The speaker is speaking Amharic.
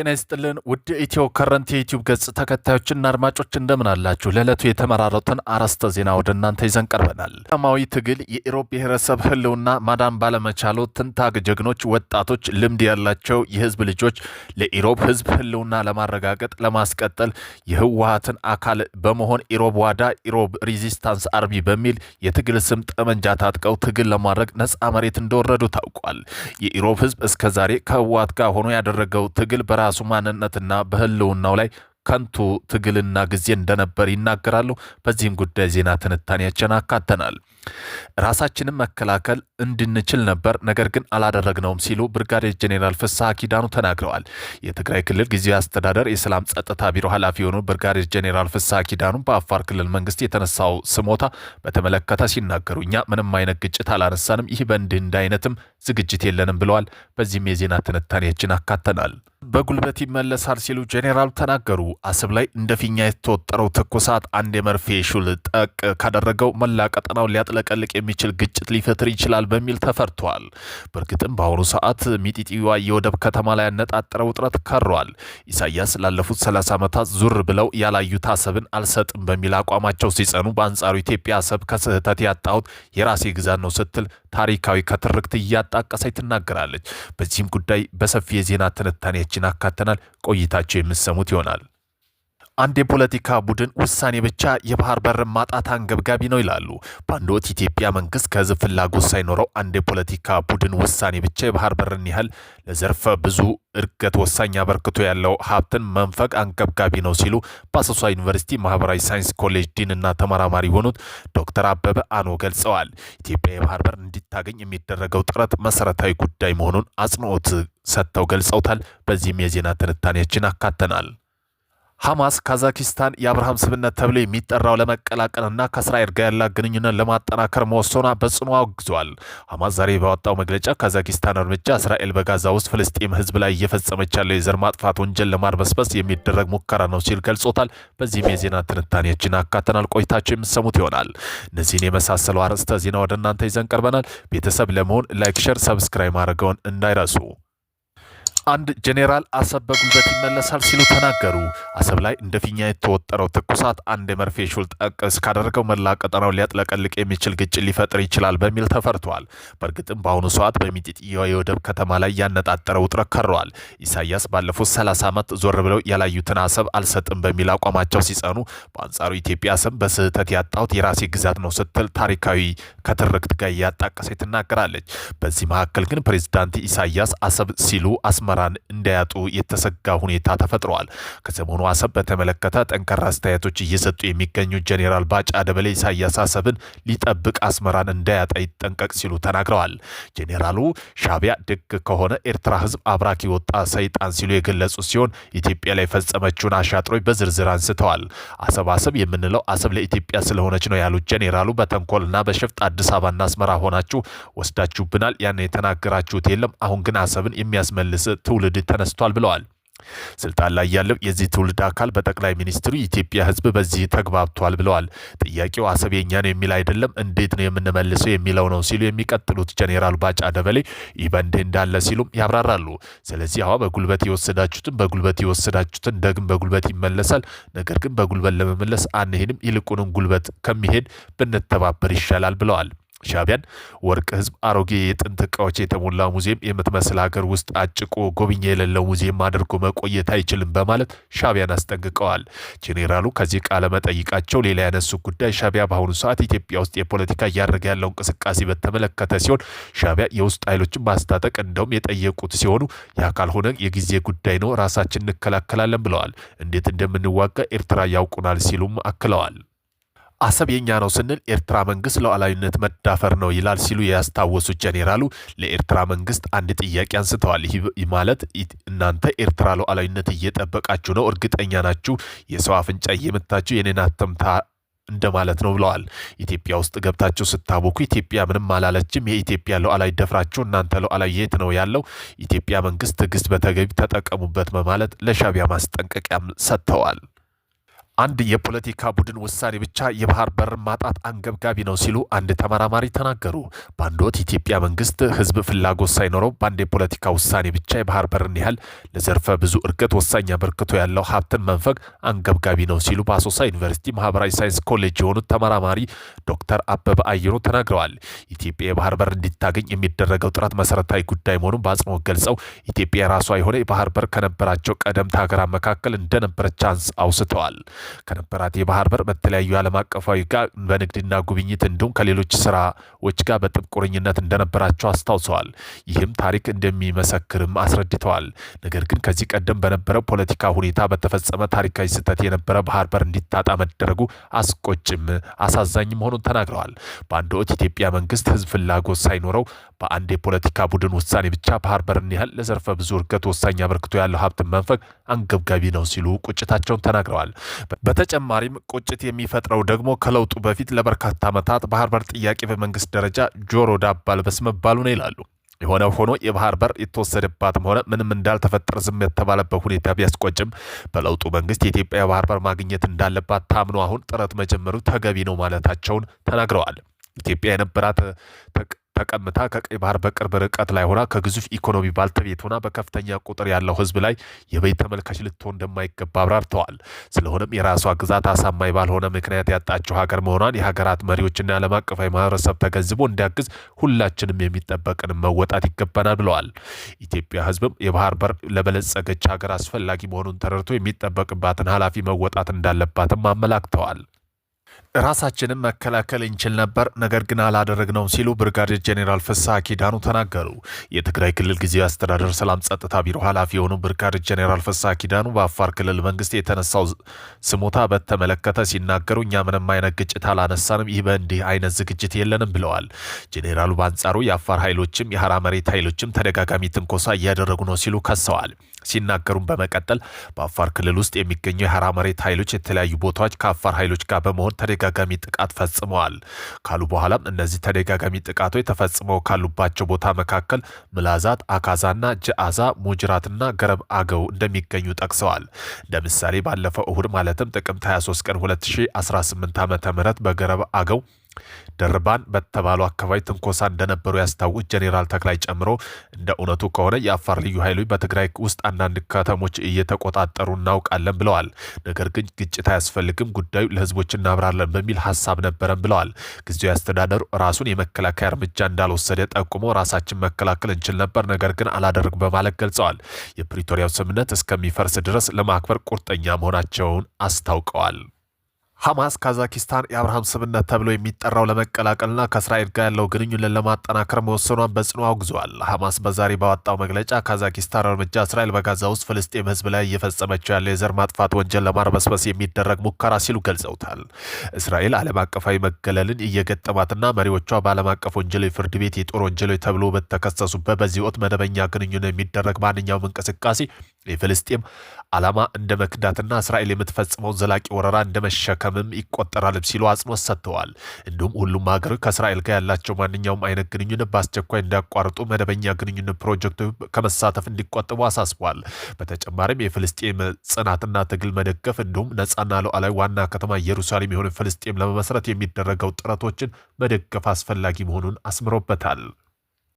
ጤና ይስጥልን ውድ ኢትዮ ከረንት የዩቲዩብ ገጽ ተከታዮችና አድማጮች እንደምን አላችሁ? ለዕለቱ የተመራረቱን አርዕስተ ዜና ወደ እናንተ ይዘን ቀርበናል። ሰላማዊ ትግል የኢሮብ ብሔረሰብ ህልውና ማዳን ባለመቻሉ ትንታግ ጀግኖች፣ ወጣቶች፣ ልምድ ያላቸው የህዝብ ልጆች ለኢሮብ ህዝብ ህልውና ለማረጋገጥ ለማስቀጠል የህወሀትን አካል በመሆን ኢሮብ ዋዳ ኢሮብ ሪዚስታንስ አርቢ በሚል የትግል ስም ጠመንጃ ታጥቀው ትግል ለማድረግ ነፃ መሬት እንደወረዱ ታውቋል። የኢሮብ ህዝብ እስከዛሬ ከህወሀት ጋር ሆኖ ያደረገው ትግል በራ በራሱ ማንነትና በህልውናው ላይ ከንቱ ትግልና ጊዜ እንደነበር ይናገራሉ። በዚህም ጉዳይ ዜና ትንታኔያችን አካተናል። ራሳችንን መከላከል እንድንችል ነበር፣ ነገር ግን አላደረግነውም ሲሉ ብርጋዴር ጄኔራል ፍስሐ ኪዳኑ ተናግረዋል። የትግራይ ክልል ጊዜያዊ አስተዳደር የሰላም ጸጥታ ቢሮ ኃላፊ የሆኑ ብርጋዴር ጄኔራል ፍስሐ ኪዳኑ በአፋር ክልል መንግስት የተነሳው ስሞታ በተመለከተ ሲናገሩ እኛ ምንም አይነት ግጭት አላነሳንም፣ ይህ በእንዲህ እንደ አይነትም ዝግጅት የለንም ብለዋል። በዚህም የዜና ትንታኔያችን አካተናል። በጉልበት ይመለሳል ሲሉ ጄኔራሉ ተናገሩ። አሰብ ላይ እንደ ፊኛ የተወጠረው ትኩሳት አንድ የመርፌ ሹል ጠቅ ካደረገው መላ ቀጠናው ሊያጥለቀልቅ የሚችል ግጭት ሊፈጥር ይችላል በሚል ተፈርቷል። በእርግጥም በአሁኑ ሰዓት ሚጢጢዋ የወደብ ከተማ ላይ ያነጣጠረ ውጥረት ከሯል። ኢሳያስ ላለፉት 30 ዓመታት ዙር ብለው ያላዩት አሰብን አልሰጥም በሚል አቋማቸው ሲጸኑ፣ በአንጻሩ ኢትዮጵያ አሰብ ከስህተት ያጣሁት የራሴ ግዛት ነው ስትል ታሪካዊ ከትርክት እያጣቀሰች ትናገራለች። በዚህም ጉዳይ በሰፊ የዜና ትንታኔ መረጃዎችን አካተናል። ቆይታቸው የምትሰሙት ይሆናል። አንድ የፖለቲካ ቡድን ውሳኔ ብቻ የባህር በር ማጣት አንገብጋቢ ነው ይላሉ። በአንድ ወቅት ኢትዮጵያ መንግስት ከህዝብ ፍላጎት ሳይኖረው አንድ የፖለቲካ ቡድን ውሳኔ ብቻ የባህር በርን ያህል ለዘርፈ ብዙ እድገት ወሳኝ አበርክቶ ያለው ሀብትን መንፈቅ አንገብጋቢ ነው ሲሉ በአሶሳ ዩኒቨርሲቲ ማህበራዊ ሳይንስ ኮሌጅ ዲን እና ተመራማሪ የሆኑት ዶክተር አበበ አኖ ገልጸዋል። ኢትዮጵያ የባህር በር እንዲታገኝ የሚደረገው ጥረት መሰረታዊ ጉዳይ መሆኑን አጽንኦት ሰጥተው ገልጸውታል። በዚህም የዜና ትንታኔያችን አካተናል። ሐማስ ካዛኪስታን የአብርሃም ስምነት ተብሎ የሚጠራው ለመቀላቀልና ከእስራኤል ጋር ያላት ግንኙነት ለማጠናከር መወሰኗ በጽኑ አውግዟል። ሐማስ ዛሬ ባወጣው መግለጫ ካዛኪስታን እርምጃ እስራኤል በጋዛ ውስጥ ፍልስጤም ሕዝብ ላይ እየፈጸመች ያለው የዘር ማጥፋት ወንጀል ለማድበስበስ የሚደረግ ሙከራ ነው ሲል ገልጾታል። በዚህም የዜና ትንታኔያችን አካተናል። ቆይታቸው የምትሰሙት ይሆናል። እነዚህን የመሳሰሉ አርዕስተ ዜና ወደ እናንተ ይዘን ቀርበናል። ቤተሰብ ለመሆን ላይክ፣ ሸር፣ ሰብስክራይብ ማድረገውን እንዳይረሱ አንድ ጄኔራል አሰብ በጉልበት ይመለሳል ሲሉ ተናገሩ። አሰብ ላይ እንደ ፊኛ የተወጠረው ትኩሳት አንድ የመርፌ ሹል ጠቅ እስካደረገው መላ ቀጠናው ሊያጥለቀልቅ የሚችል ግጭት ሊፈጥር ይችላል በሚል ተፈርቷል። በእርግጥም በአሁኑ ሰዓት በሚጢጥያ የወደብ ከተማ ላይ ያነጣጠረ ውጥረት ከረዋል። ኢሳያስ ባለፉት 30 ዓመት ዞር ብለው ያላዩትን አሰብ አልሰጥም በሚል አቋማቸው ሲጸኑ፣ በአንጻሩ ኢትዮጵያ ስም በስህተት ያጣሁት የራሴ ግዛት ነው ስትል ታሪካዊ ከትርክት ጋር እያጣቀሰ ትናገራለች። በዚህ መካከል ግን ፕሬዚዳንት ኢሳያስ አሰብ ሲሉ አስመራ አማራን እንዳያጡ የተሰጋ ሁኔታ ተፈጥረዋል። ከሰሞኑ አሰብ በተመለከተ ጠንካራ አስተያየቶች እየሰጡ የሚገኙ ጄኔራል ባጫ ደበሌ ኢሳያስ አሰብን ሊጠብቅ አስመራን እንዳያጣ ይጠንቀቅ ሲሉ ተናግረዋል። ጄኔራሉ ሻቢያ ድግ ከሆነ ኤርትራ ህዝብ አብራክ ወጣ ሰይጣን ሲሉ የገለጹ ሲሆን ኢትዮጵያ ላይ የፈጸመችውን አሻጥሮች በዝርዝር አንስተዋል። አሰብ አሰብ የምንለው አሰብ ለኢትዮጵያ ስለሆነች ነው ያሉት ጄኔራሉ በተንኮልና በሸፍጥ አዲስ አበባና አስመራ ሆናችሁ ወስዳችሁብናል። ያን የተናገራችሁት የለም። አሁን ግን አሰብን የሚያስመልስ ትውልድ ተነስቷል ብለዋል። ስልጣን ላይ ያለው የዚህ ትውልድ አካል በጠቅላይ ሚኒስትሩ የኢትዮጵያ ሕዝብ በዚህ ተግባብቷል ብለዋል። ጥያቄው አሰብ የኛ ነው የሚል አይደለም፣ እንዴት ነው የምንመልሰው የሚለው ነው ሲሉ የሚቀጥሉት ጄኔራል ባጫ ደበሌ ይህ በእንዲህ እንዳለ ሲሉም ያብራራሉ። ስለዚህ አዋ በጉልበት የወሰዳችሁትን በጉልበት የወሰዳችሁትን ደግም በጉልበት ይመለሳል። ነገር ግን በጉልበት ለመመለስ አንሄድም፣ ይልቁንም ጉልበት ከሚሄድ ብንተባበር ይሻላል ብለዋል። ሻቢያን ወርቅ ህዝብ አሮጌ የጥንት እቃዎች የተሞላ ሙዚየም የምትመስል ሀገር ውስጥ አጭቆ ጎብኝ የሌለው ሙዚየም አድርጎ መቆየት አይችልም በማለት ሻቢያን አስጠንቅቀዋል። ጄኔራሉ ከዚህ ቃለ መጠይቃቸው ሌላ ያነሱ ጉዳይ ሻቢያ በአሁኑ ሰዓት ኢትዮጵያ ውስጥ የፖለቲካ እያደረገ ያለው እንቅስቃሴ በተመለከተ ሲሆን ሻቢያ የውስጥ ኃይሎችን ማስታጠቅ እንደውም የጠየቁት ሲሆኑ ያ ካልሆነ የጊዜ ጉዳይ ነው፣ ራሳችን እንከላከላለን ብለዋል። እንዴት እንደምንዋጋ ኤርትራ ያውቁናል ሲሉም አክለዋል። አሰብ የኛ ነው ስንል ኤርትራ መንግስት ሉዓላዊነት መዳፈር ነው ይላል ሲሉ ያስታወሱት ጄኔራሉ ለኤርትራ መንግስት አንድ ጥያቄ አንስተዋል። ይህ ማለት እናንተ ኤርትራ ሉዓላዊነት እየጠበቃችሁ ነው፣ እርግጠኛ ናችሁ? የሰው አፍንጫ እየመታችሁ የኔን አተምታ እንደማለት ነው ብለዋል። ኢትዮጵያ ውስጥ ገብታችሁ ስታቦኩ ኢትዮጵያ ምንም አላለችም፣ የኢትዮጵያ ሉዓላዊ ደፍራችሁ እናንተ ሉዓላዊ የት ነው ያለው? ኢትዮጵያ መንግስት ትዕግስት በተገቢ ተጠቀሙበት በማለት ለሻቢያ ማስጠንቀቂያም ሰጥተዋል። አንድ የፖለቲካ ቡድን ውሳኔ ብቻ የባህር በር ማጣት አንገብጋቢ ነው ሲሉ አንድ ተመራማሪ ተናገሩ። በአንድ ወቅት ኢትዮጵያ መንግስት ህዝብ ፍላጎት ሳይኖረው በአንድ የፖለቲካ ውሳኔ ብቻ የባህር በርን ያህል ለዘርፈ ብዙ እድገት ወሳኝ አበርክቶ ያለው ሀብትን መንፈግ አንገብጋቢ ነው ሲሉ በአሶሳ ዩኒቨርሲቲ ማህበራዊ ሳይንስ ኮሌጅ የሆኑት ተመራማሪ ዶክተር አበበ አየኖ ተናግረዋል። ኢትዮጵያ የባህር በር እንዲታገኝ የሚደረገው ጥረት መሰረታዊ ጉዳይ መሆኑን በአጽንኦት ገልጸው ኢትዮጵያ የራሷ የሆነ የባህር በር ከነበራቸው ቀደምት ሀገራት መካከል እንደነበረች አውስተዋል። ከነበራት የባህር በር በተለያዩ ዓለም አቀፋዊ ጋር በንግድና ጉብኝት እንዲሁም ከሌሎች ስራዎች ጋር በጥብቅ ቁርኝነት እንደነበራቸው አስታውሰዋል። ይህም ታሪክ እንደሚመሰክርም አስረድተዋል። ነገር ግን ከዚህ ቀደም በነበረ ፖለቲካ ሁኔታ በተፈጸመ ታሪካዊ ስህተት የነበረ ባህር በር እንዲታጣ መደረጉ አስቆጭም አሳዛኝ መሆኑን ተናግረዋል። በአንድ ወቅት ኢትዮጵያ መንግስት ህዝብ ፍላጎት ሳይኖረው በአንድ የፖለቲካ ቡድን ውሳኔ ብቻ ባህር በርን ያህል ለዘርፈ ብዙ እድገት ወሳኝ አበርክቶ ያለው ሀብትን መንፈግ አንገብጋቢ ነው ሲሉ ቁጭታቸውን ተናግረዋል። በተጨማሪም ቁጭት የሚፈጥረው ደግሞ ከለውጡ በፊት ለበርካታ ዓመታት ባህር በር ጥያቄ በመንግስት ደረጃ ጆሮ ዳባ ልበስ መባሉ ነው ይላሉ። የሆነ ሆኖ የባህር በር የተወሰደባትም ሆነ ምንም እንዳልተፈጠረ ዝም የተባለበት ሁኔታ ቢያስቆጭም በለውጡ መንግስት የኢትዮጵያ የባህር በር ማግኘት እንዳለባት ታምኖ አሁን ጥረት መጀመሩ ተገቢ ነው ማለታቸውን ተናግረዋል። ኢትዮጵያ የነበራት ተቀምታ ከቀይ ባህር በቅርብ ርቀት ላይ ሆና ከግዙፍ ኢኮኖሚ ባልተቤት ሆና በከፍተኛ ቁጥር ያለው ህዝብ ላይ የበይ ተመልካች ልትሆን እንደማይገባ አብራርተዋል። ስለሆነም የራሷ ግዛት አሳማኝ ባልሆነ ምክንያት ያጣቸው ሀገር መሆኗን የሀገራት መሪዎችና ዓለም አቀፋዊ ማህበረሰብ ተገንዝቦ እንዲያግዝ ሁላችንም የሚጠበቅን መወጣት ይገባናል ብለዋል። ኢትዮጵያ ህዝብም የባህር በር ለበለጸገች ሀገር አስፈላጊ መሆኑን ተረድቶ የሚጠበቅባትን ኃላፊ መወጣት እንዳለባትም አመላክተዋል። ራሳችንም መከላከል እንችል ነበር፣ ነገር ግን አላደረግነውም ሲሉ ብርጋዴር ጄኔራል ፍስሐ ኪዳኑ ተናገሩ። የትግራይ ክልል ጊዜያዊ አስተዳደር ሰላም ጸጥታ ቢሮ ኃላፊ የሆኑ ብርጋዴር ጄኔራል ፍስሐ ኪዳኑ በአፋር ክልል መንግስት የተነሳው ስሞታ በተመለከተ ሲናገሩ እኛ ምንም አይነት ግጭት አላነሳንም፣ ይህ በእንዲህ አይነት ዝግጅት የለንም ብለዋል። ጄኔራሉ በአንጻሩ የአፋር ኃይሎችም የሀራ መሬት ኃይሎችም ተደጋጋሚ ትንኮሳ እያደረጉ ነው ሲሉ ከሰዋል። ሲናገሩን በመቀጠል በአፋር ክልል ውስጥ የሚገኙ የሀራ መሬት ኃይሎች የተለያዩ ቦታዎች ከአፋር ኃይሎች ጋር በመሆን ተደጋጋሚ ጥቃት ፈጽመዋል ካሉ በኋላም እነዚህ ተደጋጋሚ ጥቃቶች ተፈጽመው ካሉባቸው ቦታ መካከል ምላዛት፣ አካዛና ጀአዛ፣ ሙጅራትና ገረብ አገው እንደሚገኙ ጠቅሰዋል። እንደ ምሳሌ ባለፈው እሁድ ማለትም ጥቅምት 23 ቀን 2018 ዓ ም በገረብ አገው ደርባን በተባሉ አካባቢ ትንኮሳ እንደነበሩ ያስታውቅ ጄኔራል ተክላይ ጨምሮ እንደ እውነቱ ከሆነ የአፋር ልዩ ኃይሎች በትግራይ ውስጥ አንዳንድ ከተሞች እየተቆጣጠሩ እናውቃለን ብለዋል። ነገር ግን ግጭት አያስፈልግም፣ ጉዳዩ ለህዝቦች እናብራለን በሚል ሀሳብ ነበረን ብለዋል። ጊዜው አስተዳደሩ ራሱን የመከላከያ እርምጃ እንዳልወሰደ ጠቁሞ ራሳችን መከላከል እንችል ነበር፣ ነገር ግን አላደርግ በማለት ገልጸዋል። የፕሪቶሪያው ስምምነት እስከሚፈርስ ድረስ ለማክበር ቁርጠኛ መሆናቸውን አስታውቀዋል። ሐማስ ካዛኪስታን የአብርሃም ስምነት ተብሎ የሚጠራው ለመቀላቀልና ከእስራኤል ጋር ያለው ግንኙነት ለማጠናከር መወሰኗን በጽኑ አውግዘዋል። ሐማስ በዛሬ ባወጣው መግለጫ ካዛኪስታን እርምጃ እስራኤል በጋዛ ውስጥ ፍልስጤም ሕዝብ ላይ እየፈጸመችው ያለው የዘር ማጥፋት ወንጀል ለማርበስበስ የሚደረግ ሙከራ ሲሉ ገልጸውታል። እስራኤል ዓለም አቀፋዊ መገለልን እየገጠማትና መሪዎቿ በዓለም አቀፍ ወንጀሎች ፍርድ ቤት የጦር ወንጀሎች ተብሎ በተከሰሱበት በዚህ ወቅት መደበኛ ግንኙነት የሚደረግ ማንኛውም እንቅስቃሴ የፍልስጤም ዓላማ እንደ መክዳትና እስራኤል የምትፈጽመውን ዘላቂ ወረራ እንደመሸከ መዳከምም ይቆጠራል ሲሉ አጽንኦት ሰጥተዋል። እንዲሁም ሁሉም ሀገር ከእስራኤል ጋር ያላቸው ማንኛውም አይነት ግንኙነት በአስቸኳይ እንዲያቋርጡ፣ መደበኛ ግንኙነት ፕሮጀክቱ ከመሳተፍ እንዲቆጥቡ አሳስቧል። በተጨማሪም የፍልስጤም ጽናትና ትግል መደገፍ እንዲሁም ነጻና ሉዓላዊ ዋና ከተማ ኢየሩሳሌም የሆነ ፍልስጤም ለመመስረት የሚደረገው ጥረቶችን መደገፍ አስፈላጊ መሆኑን አስምሮበታል።